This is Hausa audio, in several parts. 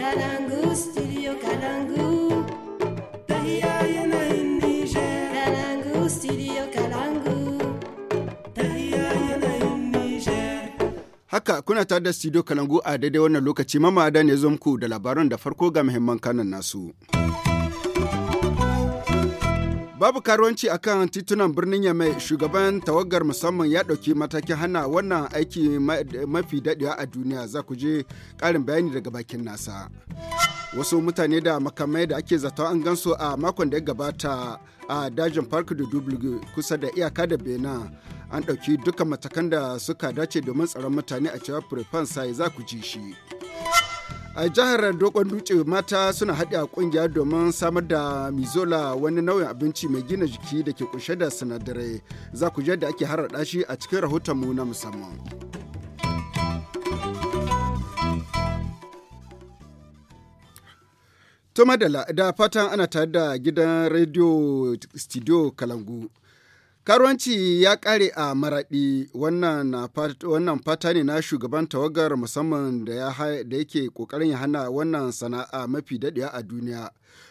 Kalangu, studio Kalangu. Tahiya yana in Niger. Kalangu, studio Kalangu. Tahiya yana in Niger. Haka kuna tare da studio Kalangu a daidai wannan lokaci mamada ne zo muku da labaran da farko ga mahimman kanan nasu. Babu karuwanci akan titunan birnin Yamai shugaban tawagar musamman ya ɗauki matakin hana wannan aiki mafi daɗewa a duniya za ku je ƙarin bayani daga bakin nasa. Wasu mutane da makamai da ake zato an gansu a makon da ya gabata a dajin Park da Dublin kusa da iyaka da Benin an ɗauki dukkan matakan da suka dace domin tsaron mutane a cewa Prefan sa za ku ji shi. a jihar dokon dutse mata suna haɗe a ƙungiya domin samar da mizola wani nau'in abinci mai gina jiki da ke kunshe da sinadarai za ku da ake harada shi a cikin rahoton mu na musamman to da fatan ana tare da gidan rediyo studio kalangu Karuwanci ya ƙare a maraɗi wannan fata ne na shugaban tawagar musamman da yake ƙoƙarin ya hana wannan sana'a mafi daɗewa a duniya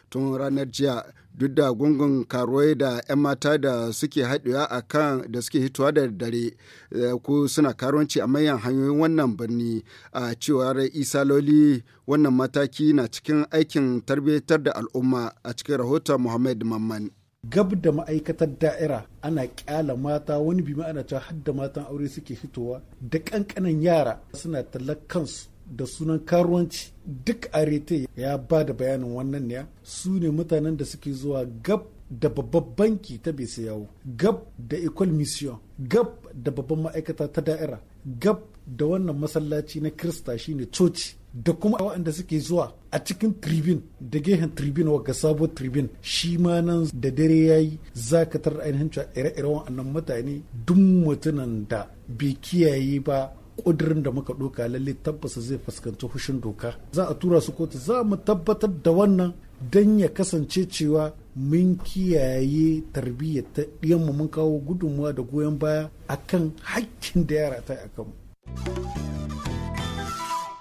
tun ranar jiya duk da gungun karuwai da 'yan mata da suke haɗewa a kan da suke hitowa da dare eh, ko suna karuwanci a manyan hanyoyin wannan birni a cewar isa loli wannan mataki na cikin aikin tarbiyyatar da al'umma a cikin rahoton muhammad mamman. gab da ma'aikatar da'ira ana kyala mata wani bi ana cewa har da matan aure suke fitowa da kankanan yara suna tallar kansu da sunan karuwanci duk arete ya ba da bayanin wannan ne su ne mutanen da suke zuwa gab da babban banki ta bese yawo gab da ecole mission gab da babban ma'aikata ta da'ira gab da wannan masallaci na krista shine coci da kuma waɗanda suke zuwa a cikin tribune da gehen tribune wa sabo tribune shi ma nan da dare ya yi za ka tarar ainihin cewa ire ire waɗannan mutane duk mutunan da bai kiyaye ba ƙudurin da muka ɗoka lalle tabbas zai fuskanci hushin doka za a tura su kotu za mu tabbatar da wannan don ya kasance cewa mun kiyaye tarbiyyar ta ɗiyanmu mun kawo gudunmuwa da goyon baya akan hakkin da yara ta akan mu.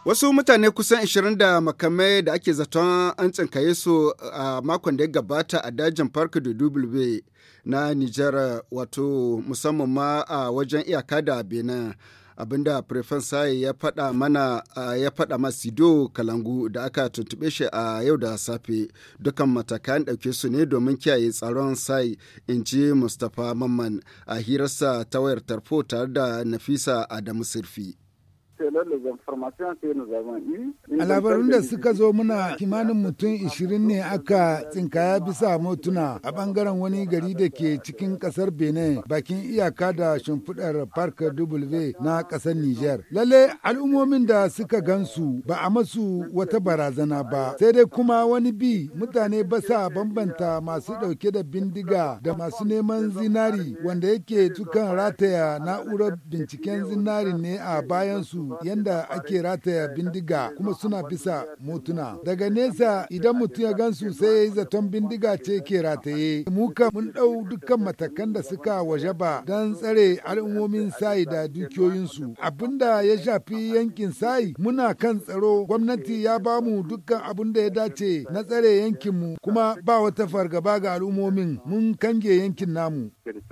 Wasu mutane kusan 20 da makamai da ake zaton an tsinkaye su a makon da ya gabata a dajin Park da Dubulbe na Nijar wato musamman ma a wajen iyaka da Benin. abinda prefen sai ya fada mana ya fada masido kalangu da aka tuntuɓe shi a yau da safe dukan matakan dauke su ne domin kiyaye tsaron sai in ji mustapha mamman a hirarsa ta wayar tarfo tare da nafisa adamu sirfi A labarun da suka zo muna kimanin mutum 20 ne aka tsinkaya bisa motuna a bangaren wani gari da ke cikin kasar Benin bakin iyaka da shimfiɗar Park W na kasar Niger. Lalle al'ummomin da suka gansu ba a masu wata barazana ba sai dai kuma wani bi mutane ba sa bambanta masu ɗauke da bindiga da masu neman zinari wanda yake tukan rataya na'urar binciken zinari ne a bayansu yanda yadda ake rataya bindiga kuma suna bisa motuna. Daga nesa idan mutum ya gansu sai ya yi zaton bindiga ce ke rataye. Muka mun ɗau dukkan matakan da suka waje ba. don tsare al'ummomin sai da dukiyoyinsu. Abinda ya shafi yankin sai muna kan tsaro gwamnati ya bamu dukkan abin da ya dace na tsare yankin mu kuma ba wata fargaba ga al'ummomin mun kange yankin namu. Il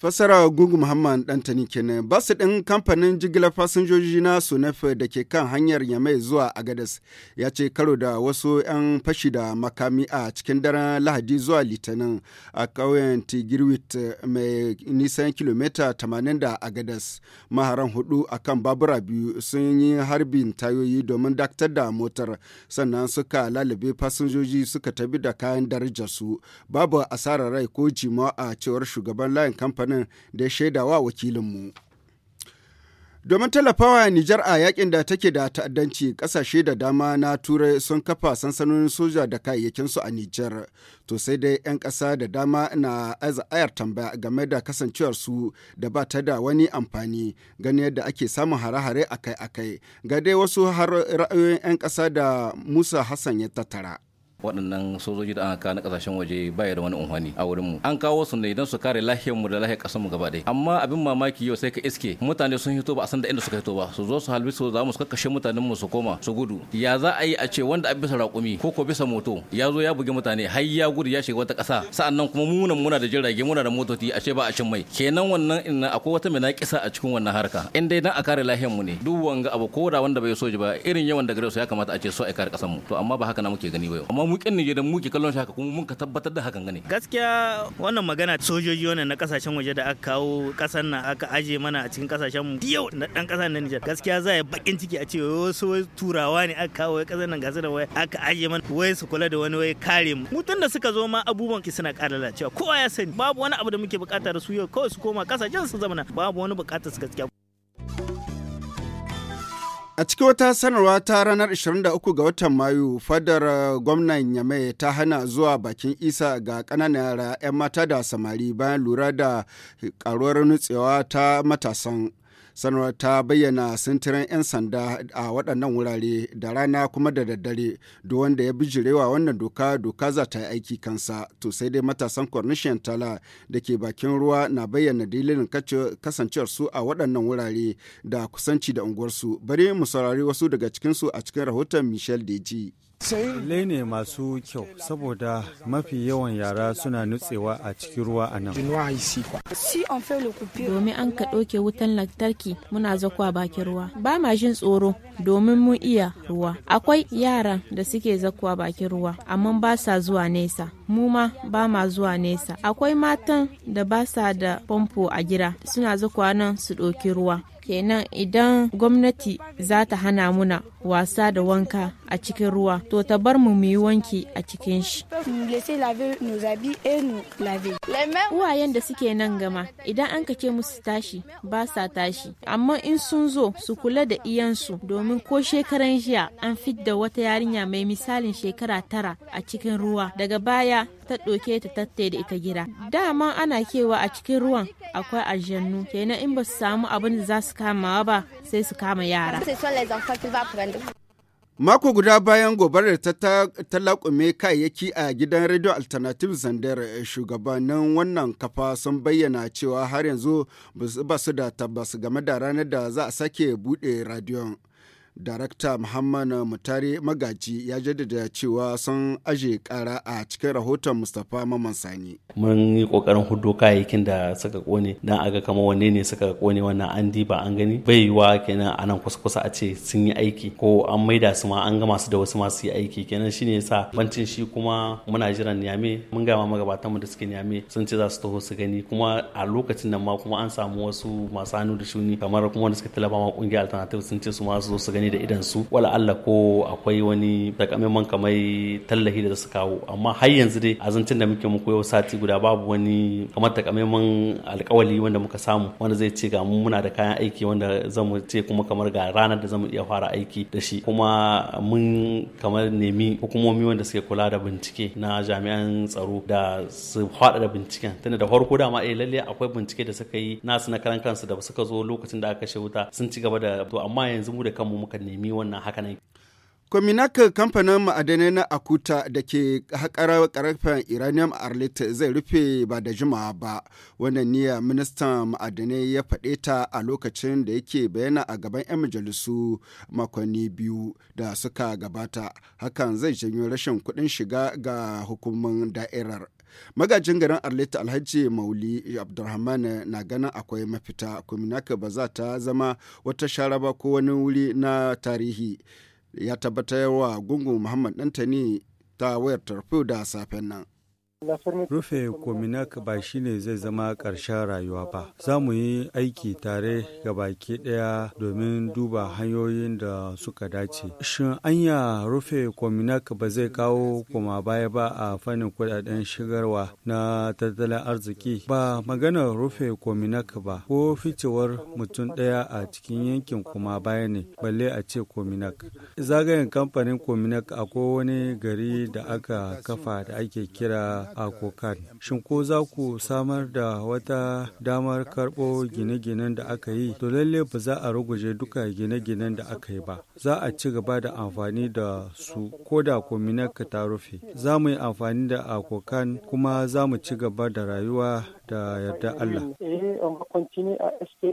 Fasara Gugu Muhammad Dantani kenan basu ɗin kamfanin jigilar fasinjoji na Sunef da ke kan hanyar Yamai zuwa Agadas ya ce karo da wasu 'yan fashi da makami a cikin daren Lahadi zuwa Litinin a ƙauyen Tigirwit mai nisan kilomita 80 da Agadas. Maharan hudu akan babura biyu sun yi harbin tayoyi domin daktar da motar sannan suka lalabe fasinjoji suka tabi da kayan su Babu asarar rai ko jima a cewar shugaban layin kamfanin kamfanin da ya shaidawa wakilinmu. Domin tallafawa Nijar a yakin da take da ta'addanci kasashe da dama na Turai sun kafa sansanonin soja da kayayyakinsu a Nijar. To sai dai 'yan ƙasa da dama na ayar tambaya game da kasancewarsu da ba ta da wani amfani gani yadda ake samun hare-hare akai-akai. Ga dai wasu har ra'ayoyin 'yan ƙasa da Musa Hassan ya tattara. waɗannan sojoji da aka na kasashen waje baya da wani unhwani a wurinmu an kawo su ne don su kare mu da lahiyar ƙasarmu gaba ɗaya amma abin mamaki yau sai ka iske mutane sun hito ba a san da inda suka hito ba su zo su halbi su za mu su kakkashe mutanen mu su koma su gudu ya za a yi a ce wanda a bisa raƙumi ko ko bisa moto ya zo ya bugi mutane har ya gudu ya shiga wata ƙasa sa'annan kuma munan muna da jirage muna da motoci a ce ba a cin mai kenan wannan ina akwai wata mai naƙisa a cikin wannan harka in dai dan a kare mu ne duk wanga abu ko da wanda bai soji ba irin yawan da gare su ya kamata a ce so a kare ƙasarmu to amma ba haka na muke gani ba yau mu kan Nijar mu ke kallon shi haka kuma mun ka tabbatar da hakan gane gaskiya wannan magana sojoji wannan na kasashen waje da aka kawo kasar nan aka aje mana a cikin kasashen mu yau na dan kasar nan Nijar gaskiya za ya bakin ciki a ce wasu turawa ne aka kawo kasar nan gasar da wai aka aje mana wai su kula da wani wai kare mu mutan da suka zo ma abubuwan ki suna ƙara lalacewa kowa ya sani babu wani abu da muke bukata da su yau kawai su koma kasashen su zamana babu wani bukatar su gaskiya A cikin wata sanarwa ta ranar 23 ga watan Mayu, fadar uh, gwamnan Yame ta hana zuwa bakin isa ga kananan yara 'yan mata da samari bayan lura da karuwar nutsewa ta matasan. sanarwar ta bayyana sintirin 'yan sanda a waɗannan wurare da rana kuma da daddare duk wanda ya bijirewa wannan doka doka za ta yi aiki kansa to sai dai matasan cornishian tala da ke bakin ruwa na bayyana dalilin kasancewar su a waɗannan wurare da kusanci da unguwarsu bari mu saurari wasu daga cikinsu a cikin rahoton michel deji. Lai ne masu kyau saboda mafi yawan yara suna nutsewa a cikin ruwa a nan. Domin an ka ɗauke wutan lantarki muna zakwa bakin ruwa. Ba ma jin tsoro domin mun iya ruwa. Akwai yara da suke zakwa bakin ruwa amma ba sa zuwa nesa. Mu ma ba ma zuwa nesa. Akwai matan da ba sa da famfo a gida suna zakwa nan su ɗauki ruwa. Kenan idan gwamnati za ta hana muna wasa da wanka a cikin ruwa to ta bar mu mu yi wanki a cikin shi. Uwayen da suke nan gama idan an kace musu tashi ba sa tashi amma in sun zo su kula da iyansu domin ko shekaran jiya an fidda wata yarinya mai misalin shekara tara a cikin ruwa daga baya ta ɗauke ta tatte da ita gida. Dama ana kewa a cikin ruwan akwai aljannu kenan in ba su samu abin da za su kamawa ba sai su kama yara. Mako guda bayan gobarar ta talakume kayayyaki a gidan Radio Alternative Zandar eh, shugabannin wannan kafa sun bayyana cewa har yanzu ba su da tabbas game da ranar da za a sake buɗe radiyon. Darakta Muhammad Mutare Magaji ya jaddada cewa sun aje kara a cikin rahoton Mustapha Maman Sani. Mun yi kokarin hudo kayayyakin da suka kone dan aga kama wanne ne suka kone wannan an ba an gani bai yiwa kenan anan kusa kusa a ce sun yi aiki ko an maida su ma an gama su da wasu masu yi aiki kenan shine yasa bancin shi kuma muna jiran Niyame mun ma magabatan mu da suke Niyame sun ce za su taho su gani kuma a lokacin nan ma kuma an samu wasu masu hannu da shuni kamar kuma wanda suka talaba ma kungiyar alternative sun ce su ma su zo su gani gani da idan su wala Allah ko akwai wani takamaiman kamai tallahi da su kawo amma har yanzu dai a da muke muku yau sati guda babu wani kamar takamaiman alkawali wanda muka samu wanda zai ce ga muna da kayan aiki wanda zamu ce kuma kamar ga ranar da zamu iya fara aiki da shi kuma mun kamar nemi hukumomi wanda suke kula da bincike na jami'an tsaro da su da binciken tunda da farko ma eh lalle akwai bincike da suka yi nasu na karan kansu da suka zo lokacin da aka kashe wuta sun ci gaba da to amma yanzu mu da kanmu muka aka nemi wannan hakanan kominak kamfanin ma'adanai na Akuta da ke haƙar ƙarfen Iranium Arlit zai rufe ba da jimawa ba. Wannan niyya ministan ma'adanai ya faɗe ta a lokacin da yake bayyana a gaban 'yan majalisu makonni biyu da suka gabata. Hakan zai janyo rashin kuɗin shiga ga hukumar da'irar. magajin garin arleta alhaji mauli abdulrahman na ganin akwai mafita kuminaka ba za ta zama wata shara ba ko wani wuri na tarihi ya tabbatar wa gungun muhammad dantani ta wayar tarfo da safen nan Rufe Kominak ba shine zai zama ƙarshen rayuwa ba. Za mu yi aiki tare ga baki ɗaya domin duba hanyoyin da suka dace. Shin anya rufe Kominak ba zai kawo koma baya ba a fannin kudaden shigarwa na tattalin arziki? Ba maganar rufe Kominak ba, ko ficewar mutum ɗaya a cikin yankin koma baya ne, balle a ce Kominak. Zagayen kamfanin Kominak akwai wani gari da aka kafa da ake kira a akokan shin ko za ku samar da wata damar karɓo gine-ginen da aka yi to lalle ba za a ruguje duka gine-ginen da aka yi ba za a ci gaba da amfani da su ko da kominaka ta rufe za mu yi amfani da akokan kuma za mu ci gaba da rayuwa da yarda Allah. Eh,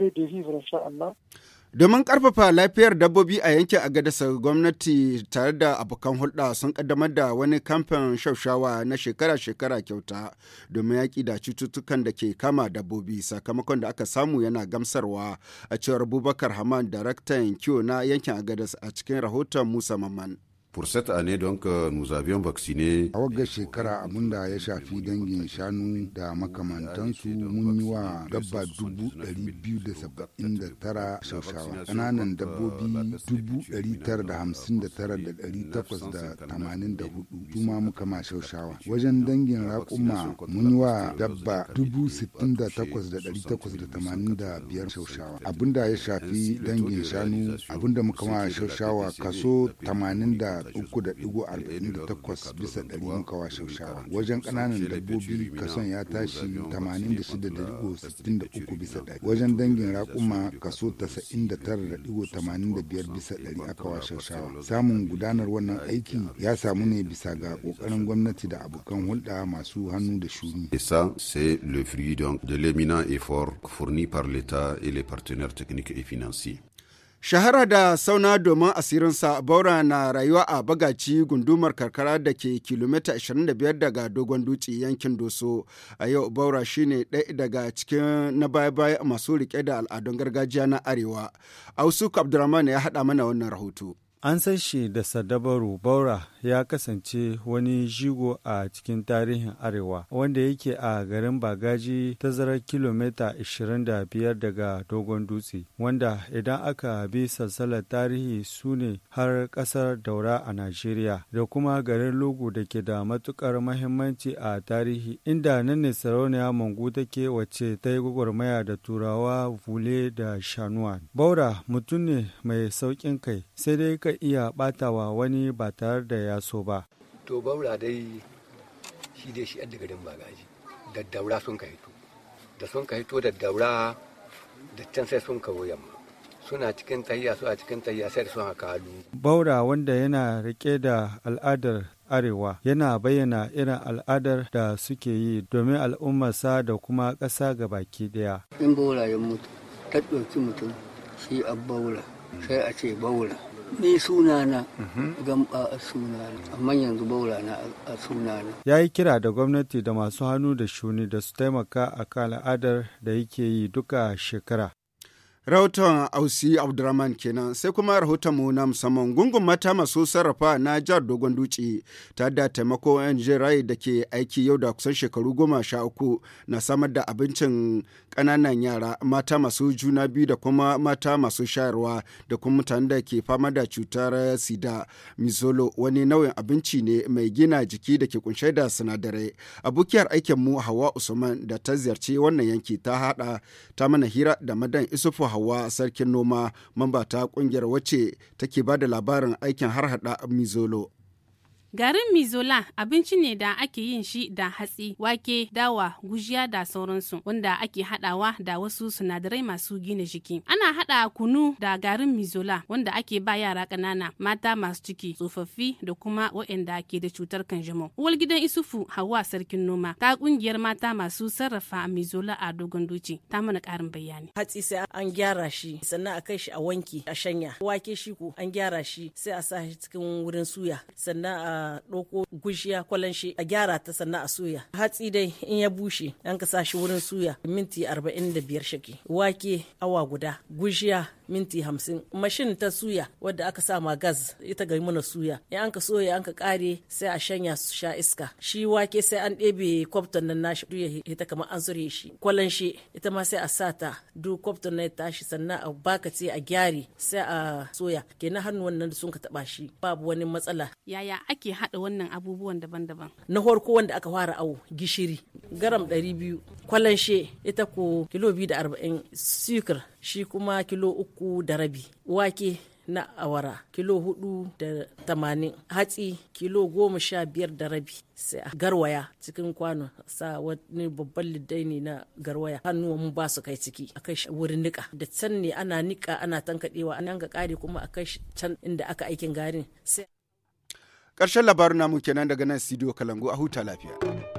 Domin ƙarfafa lafiyar dabbobi a yankin Agadasa gwamnati tare da abokan hulɗa sun ƙaddamar da wani kamfen shaushawa na shekara-shekara kyauta domin yaƙi da cututtukan da ke kama dabbobi sakamakon da aka samu yana gamsarwa a cewar Bubakar Haman daraktan kiwo na yankin Agadas a cikin rahoton Musa Maman. pour cette ne donc nous avions vacciné a wagga shekara abin da ya shafi dangin shanu da makamantansu mun yi wa dabba dubu dari biyu da saba'in da tara shaushawa ƙananan dabbobi dubu dari tara da hamsin da tara da dari takwas da tamanin da hudu kuma muka ma shaushawa wajen dangin raƙuma mun yi wa dabba dubu sittin da takwas da dari takwas da tamanin da biyar shaushawa abin da ya shafi dangin shanu abin da muka ma shaushawa kaso tamanin da uku da da takwas bisa ɗari muka washe shawa wajen ƙananan dabbobi kason ya tashi tamanin da da da shida sittin uku bisa ɗari wajen dangin raƙuma kaso tasa'in da da da tara tamanin biyar bisa ɗari aka washe shawa samun gudanar wannan aiki ya samu ne bisa ga ƙoƙarin gwamnati da abokan hulɗa masu hannu da shuni. Et ça, c'est le fruit donc de l'éminent effort fourni par l'État et les partenaires techniques et financiers. Shahara da sauna domin asirinsa Baura na rayuwa a bagaci gundumar karkara da ke kilomita 25 daga dogon dutse yankin Doso. A yau Baura shine ɗaya daga cikin na baya-baya masu riƙe da al'adun gargajiya na Arewa. Ausuk Abdurrahman ya haɗa mana wannan rahoto. An san shi da Sadabaru Baura ya kasance wani jigo a cikin tarihin Arewa wanda yake a garin Bagaji tazarar kilomita 25 daga Dogon Dutse wanda idan aka bi salsalar tarihi su ne har ƙasar Daura a Najeriya da kuma garin Lugu da ke da matuƙar mahimmanci a tarihi inda nan ne sarauniya Mangu take wacce ta yi gwagwarmaya da Turawa Vule da Shanuwan. Baura mutum ne mai sauƙin kai sai dai ka iya batawa wani ba tare da ya so ba to baura dai shi dai shi da garin bagaji da daura sun ka hito da sun ka hito da daura da can sai sun kawo yamma suna cikin su a cikin tahiya sai da sun haka halu. Baura wanda yana rike da al'adar Arewa yana bayyana irin al'adar da suke yi domin al'ummarsa da kuma ƙasa ga baki ɗaya. In baura ya mutu, ta ɗauki mutum shi a baura, sai a ce baura. ni sunana gamba a sunana amma yanzu baura na a sunana ya yi kira da gwamnati da masu hannu da shuni da su taimaka a kan al'adar da yake yi duka shekara Rahoton Ausi Abdurrahman kenan sai kuma rahoton mu na musamman gungun mata masu sarrafa na jihar Dogon Dutse ta da taimako NG Rai da ke aiki yau da kusan shekaru goma sha uku na samar da abincin ƙananan yara mata masu juna biyu da kuma mata masu shayarwa da kuma mutane da ke fama da cutar sida mizolo wani nau'in abinci ne mai gina jiki da ke kunshe da sinadarai abokiyar aikin mu Hawa Usman da ta ziyarci wannan yanki ta hada ta mana hira da madan Isufu Hawa Sarkin Noma mamba ta kungiyar wacce take ba da labarin aikin harhaɗa Mizolo. Garin mizola abinci ne da ake yin shi da hatsi, wake, dawa, gujiya da sauransu wanda ake hadawa da wasu sinadarai masu gina jiki. Ana hada kunu da garin mizola wanda ake ba yara ƙanana, mata masu ciki, tsofaffi da kuma waɗanda ke da cutar kanjamau. Uwar gidan Isufu Hawa Sarkin Noma ta kungiyar mata masu sarrafa mizola a dogon duci ta mana ƙarin bayani. Hatsi sai an gyara shi sannan a kai shi a wanki a shanya. Wake shi ko an gyara shi sai a sa shi cikin wurin suya sannan a a ɗauko gushiya shi a gyara ta sannan a soya hatsi dai in ya bushe an ka sa shi wurin suya minti arba'in da biyar shake wake awa guda gushiya minti hamsin mashin ta suya wadda aka sa ma gas ita ga mana suya in an ka soya an ka kare sai a shanya su sha iska shi wake sai an ɗebe kwafton nan nashi ya ita kamar an zure shi kwalan shi ita ma sai a sa ta duk kwafton na tashi sannan a baka ce a gyare sai a soya kenan hannuwan nan sun ka taba shi babu wani matsala yaya ake hada wannan abubuwan daban-daban na farko wanda aka fara awo gishiri garam 200 kwalan shi ita ko kilo arba'in. sukar shi kuma kilo uku da rabi wake na awara kilo hudu da tamanin hatsi kilo goma sha biyar da rabi sai a garwaya cikin kwano sa wani babban liddai ne na garwaya hannuwan mu ba su kai ciki a kai wurin nika da can ne ana nika ana tankadewa an ga kare kuma a kai can inda aka aikin garin sai ƙarshen labarin namu kenan daga nan studio kalangu a huta lafiya